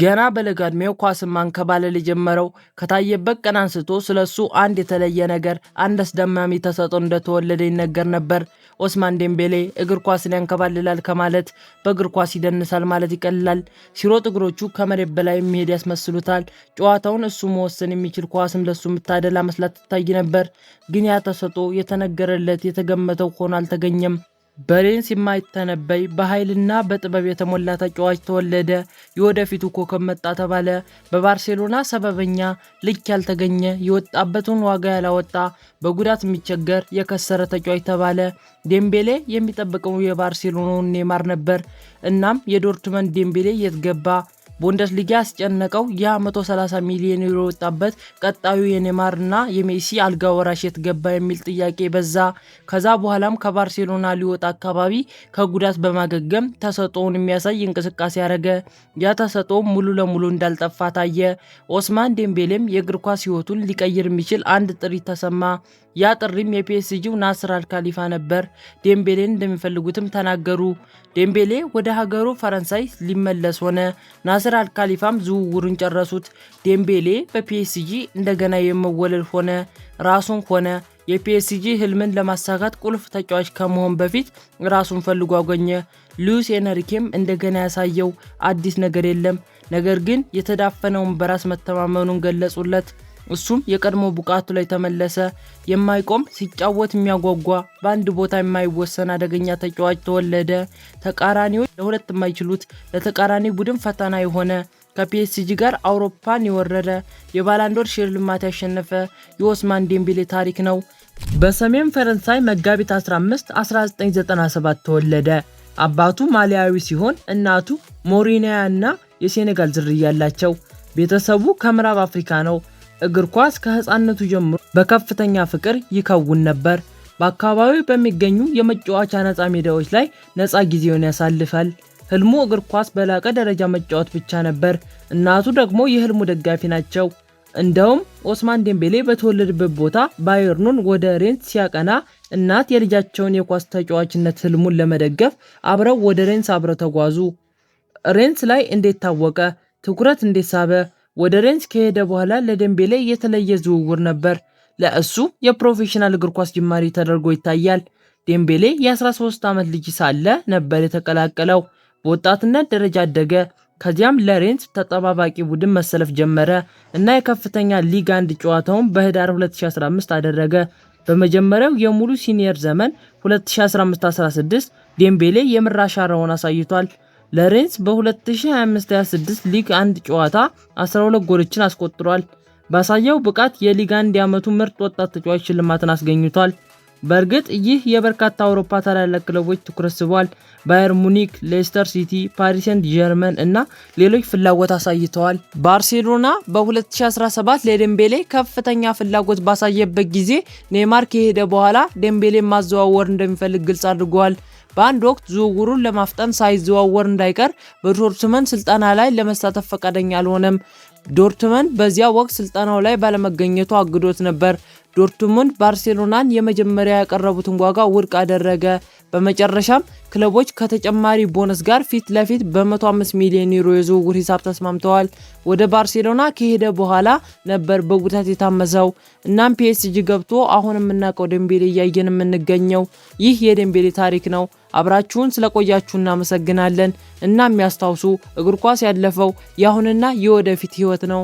ገና በለጋ ዕድሜው ኳስን ማንከባለል የጀመረው ከታየበት ቀን አንስቶ ስለ እሱ አንድ የተለየ ነገር፣ አንድ አስደማሚ ተሰጥኦ እንደተወለደ ይነገር ነበር። ኦስማን ዴምቤሌ እግር ኳስን ያንከባልላል ከማለት በእግር ኳስ ይደንሳል ማለት ይቀልላል። ሲሮጥ እግሮቹ ከመሬት በላይ የሚሄድ ያስመስሉታል። ጨዋታውን እሱ መወሰን የሚችል ኳስም ለእሱ የምታደላ መስላት ትታይ ነበር። ግን ያ ተሰጥኦ የተነገረለት የተገመተው ሆኖ አልተገኘም። በሬንስ የማይተነበይ በኃይልና በጥበብ የተሞላ ተጫዋች ተወለደ። የወደፊቱ ኮከብ መጣ ተባለ። በባርሴሎና ሰበበኛ ልክ ያልተገኘ የወጣበትን ዋጋ ያላወጣ በጉዳት የሚቸገር የከሰረ ተጫዋች ተባለ። ዴምቤሌ የሚጠብቀው የባርሴሎናውን ኔማር ነበር። እናም የዶርትመንድ ዴምቤሌ የት ገባ? ቡንደስሊጋ ያስጨነቀው የ 130 ሚሊዮን ዩሮ የወጣበት ቀጣዩ የኔማርና የሜሲ አልጋ ወራሽ የት ገባ የሚል ጥያቄ በዛ። ከዛ በኋላም ከባርሴሎና ሊወጣ አካባቢ ከጉዳት በማገገም ተሰጥኦውን የሚያሳይ እንቅስቃሴ ያደረገ፣ ያ ተሰጥኦ ሙሉ ለሙሉ እንዳልጠፋ ታየ። ኦስማን ዴምቤሌም የእግር ኳስ ህይወቱን ሊቀይር የሚችል አንድ ጥሪ ተሰማ። ያ ጥሪም የፒኤስጂው ናስር አልካሊፋ ነበር። ዴምቤሌን እንደሚፈልጉትም ተናገሩ። ዴምቤሌ ወደ ሀገሩ ፈረንሳይ ሊመለስ ሆነ። ናስር የእስር አልካሊፋም ዝውውሩን ጨረሱት። ዴምቤሌ በፒኤስጂ እንደገና የመወለድ ሆነ ራሱን ሆነ የፒኤስጂ ህልምን ለማሳካት ቁልፍ ተጫዋች ከመሆን በፊት ራሱን ፈልጎ አገኘ። ሉዊስ ኤንሪኬም እንደገና ያሳየው አዲስ ነገር የለም፣ ነገር ግን የተዳፈነውን በራስ መተማመኑን ገለጹለት። እሱም የቀድሞ ብቃቱ ላይ ተመለሰ። የማይቆም ሲጫወት የሚያጓጓ በአንድ ቦታ የማይወሰን አደገኛ ተጫዋች ተወለደ። ተቃራኒዎች ለሁለት የማይችሉት ለተቃራኒ ቡድን ፈተና የሆነ ከፒኤስጂ ጋር አውሮፓን የወረረ የባላንዶር ሽልማት ያሸነፈ የኦስማን ዴምቤሌ ታሪክ ነው። በሰሜን ፈረንሳይ መጋቢት 15 1997 ተወለደ። አባቱ ማሊያዊ ሲሆን እናቱ ሞሪኒያ እና የሴኔጋል ዝርያ ያላቸው፣ ቤተሰቡ ከምዕራብ አፍሪካ ነው። እግር ኳስ ከህፃንነቱ ጀምሮ በከፍተኛ ፍቅር ይከውን ነበር። በአካባቢው በሚገኙ የመጫወቻ ነፃ ሜዳዎች ላይ ነፃ ጊዜውን ያሳልፋል። ህልሙ እግር ኳስ በላቀ ደረጃ መጫወት ብቻ ነበር። እናቱ ደግሞ የህልሙ ደጋፊ ናቸው። እንደውም ኦስማን ዴምቤሌ በተወለደበት ቦታ ባየርኑን ወደ ሬንስ ሲያቀና እናት የልጃቸውን የኳስ ተጫዋችነት ህልሙን ለመደገፍ አብረው ወደ ሬንስ አብረው ተጓዙ። ሬንስ ላይ እንዴት ታወቀ? ትኩረት እንዴት ሳበ? ወደ ሬንስ ከሄደ በኋላ ለደምቤሌ የተለየ ዝውውር ነበር። ለእሱ የፕሮፌሽናል እግር ኳስ ጅማሬ ተደርጎ ይታያል። ዴምቤሌ የ13 ዓመት ልጅ ሳለ ነበር የተቀላቀለው። በወጣትነት ደረጃ አደገ። ከዚያም ለሬንስ ተጠባባቂ ቡድን መሰለፍ ጀመረ እና የከፍተኛ ሊግ አንድ ጨዋታውን በህዳር 2015 አደረገ። በመጀመሪያው የሙሉ ሲኒየር ዘመን 2015-16 ዴምቤሌ የምራሻ አሻራውን አሳይቷል። ለሬንስ በ2025/26 ሊግ አንድ ጨዋታ 12 ጎሎችን አስቆጥሯል። ባሳየው ብቃት የሊግ አንድ የዓመቱ ምርጥ ወጣት ተጫዋች ሽልማትን አስገኝቷል። በእርግጥ ይህ የበርካታ አውሮፓ ታላላቅ ክለቦች ትኩረት ስቧል። ባየር ሙኒክ፣ ሌስተር ሲቲ፣ ፓሪስ ሴንት ጀርመን እና ሌሎች ፍላጎት አሳይተዋል። ባርሴሎና በ2017 ለደምቤሌ ከፍተኛ ፍላጎት ባሳየበት ጊዜ ኔይማር ከሄደ በኋላ ደምቤሌ ማዘዋወር እንደሚፈልግ ግልጽ አድርገዋል። በአንድ ወቅት ዝውውሩን ለማፍጠን ሳይዘዋወር እንዳይቀር በዶርትመንድ ስልጠና ላይ ለመሳተፍ ፈቃደኛ አልሆነም። ዶርትመንድ በዚያ ወቅት ስልጠናው ላይ ባለመገኘቱ አግዶት ነበር። ዶርትሙንድ ባርሴሎናን የመጀመሪያ ያቀረቡትን ዋጋ ውድቅ አደረገ። በመጨረሻም ክለቦች ከተጨማሪ ቦነስ ጋር ፊት ለፊት በ105 ሚሊዮን ዩሮ የዝውውር ሂሳብ ተስማምተዋል። ወደ ባርሴሎና ከሄደ በኋላ ነበር በጉዳት የታመሰው። እናም ፒኤስጂ ገብቶ አሁን የምናውቀው ደንቤሌ እያየን የምንገኘው ይህ የደንቤሌ ታሪክ ነው። አብራችሁን ስለቆያችሁ እናመሰግናለን። እናም ያስታውሱ፣ እግር ኳስ ያለፈው የአሁንና የወደፊት ህይወት ነው።